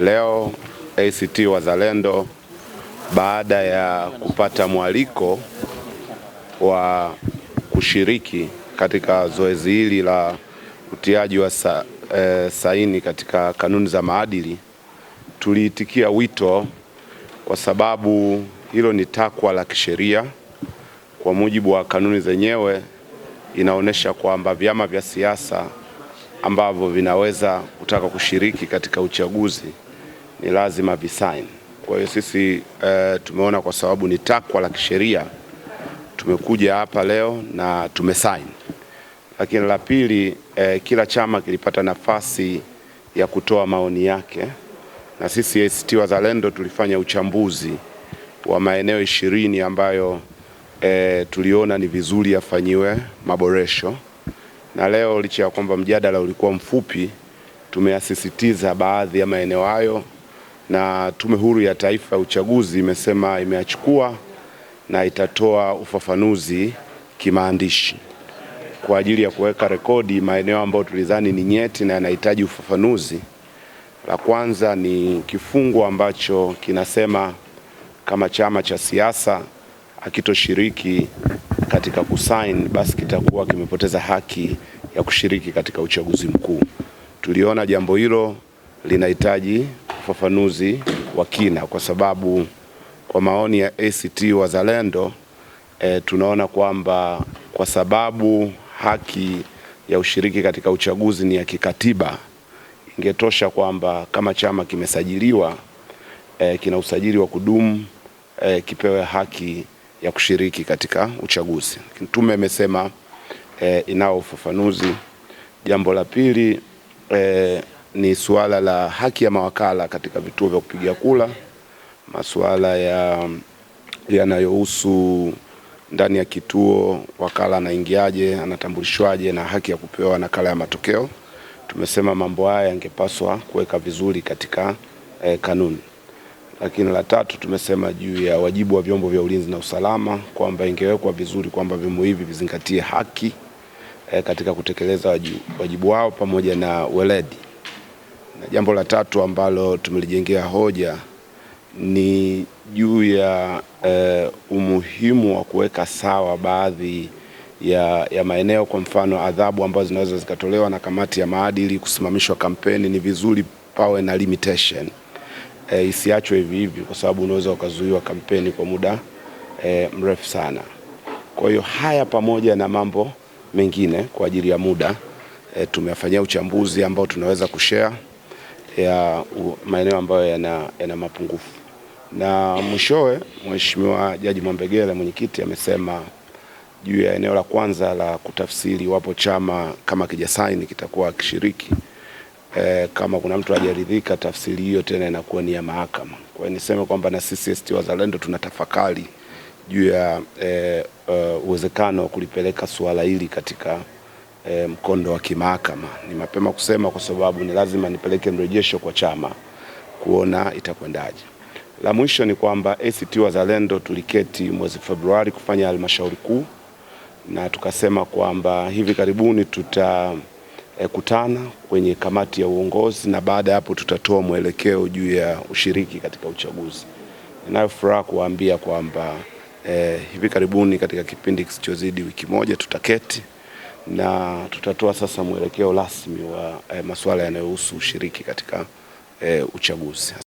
Leo ACT Wazalendo baada ya kupata mwaliko wa kushiriki katika zoezi hili la utiaji wa sa, e, saini katika kanuni za maadili, tuliitikia wito kwa sababu hilo ni takwa la kisheria. Kwa mujibu wa kanuni zenyewe, inaonyesha kwamba vyama vya siasa ambavyo vinaweza kutaka kushiriki katika uchaguzi ni lazima visign. Kwa hiyo sisi e, tumeona kwa sababu ni takwa la kisheria tumekuja hapa leo na tumesign. Lakini la pili e, kila chama kilipata nafasi ya kutoa maoni yake, na sisi ACT Wazalendo tulifanya uchambuzi wa maeneo ishirini ambayo e, tuliona ni vizuri yafanyiwe maboresho, na leo licha ya kwamba mjadala ulikuwa mfupi, tumeyasisitiza baadhi ya maeneo hayo na Tume Huru ya Taifa ya Uchaguzi imesema imeachukua na itatoa ufafanuzi kimaandishi kwa ajili ya kuweka rekodi maeneo ambayo tulidhani ni nyeti na yanahitaji ufafanuzi. La kwanza ni kifungu ambacho kinasema kama chama cha siasa akitoshiriki katika kusaini basi kitakuwa kimepoteza haki ya kushiriki katika uchaguzi mkuu. Tuliona jambo hilo linahitaji ufafanuzi wa kina, kwa sababu kwa maoni ya ACT Wazalendo e, tunaona kwamba kwa sababu haki ya ushiriki katika uchaguzi ni ya kikatiba, ingetosha kwamba kama chama kimesajiliwa e, kina usajili wa kudumu e, kipewe haki ya kushiriki katika uchaguzi. Tume imesema e, inao ufafanuzi. Jambo la pili e, ni suala la haki ya mawakala katika vituo vya kupigia kura, masuala ya yanayohusu ndani ya kituo, wakala anaingiaje, anatambulishwaje na haki ya kupewa nakala ya matokeo. Tumesema mambo haya yangepaswa kuweka vizuri katika eh, kanuni. Lakini la tatu tumesema juu ya wajibu wa vyombo vya ulinzi na usalama kwamba ingewekwa vizuri kwamba vyombo hivi vizingatie haki eh, katika kutekeleza wajibu wao pamoja na weledi. Na jambo la tatu ambalo tumelijengea hoja ni juu ya eh, umuhimu wa kuweka sawa baadhi ya, ya maeneo. Kwa mfano, adhabu ambazo zinaweza zikatolewa na kamati ya maadili, kusimamishwa kampeni, ni vizuri pawe na limitation e, isiachwe hivi hivi, kwa sababu unaweza ukazuiwa kampeni kwa muda e, mrefu sana. Kwa hiyo haya pamoja na mambo mengine kwa ajili ya muda e, tumeyafanyia uchambuzi ambao tunaweza kushare ya maeneo ambayo yana, yana mapungufu. Na mwishowe Mheshimiwa Jaji Mwambegele mwenyekiti amesema juu ya eneo la kwanza la kutafsiri iwapo chama kama kijasaini kitakuwa akishiriki e, eh, kama kuna mtu hajaridhika tafsiri hiyo tena inakuwa ni ya mahakama. Kwa hiyo niseme kwamba na sisi ACT Wazalendo tunatafakari juu ya e, e, uwezekano wa kulipeleka suala hili katika e, mkondo wa kimahakama. Ni mapema kusema kwa sababu ni lazima nipeleke mrejesho kwa chama kuona itakwendaje. La mwisho ni kwamba ACT Wazalendo tuliketi mwezi Februari kufanya halmashauri kuu na tukasema kwamba hivi karibuni tutakutana eh, e, kwenye kamati ya uongozi na baada ya hapo tutatoa mwelekeo juu ya ushiriki katika uchaguzi. Ninayo furaha kuwaambia kwamba e, hivi karibuni katika kipindi kisichozidi wiki moja tutaketi na tutatoa sasa mwelekeo rasmi wa e, eh, masuala yanayohusu ushiriki katika e, uchaguzi.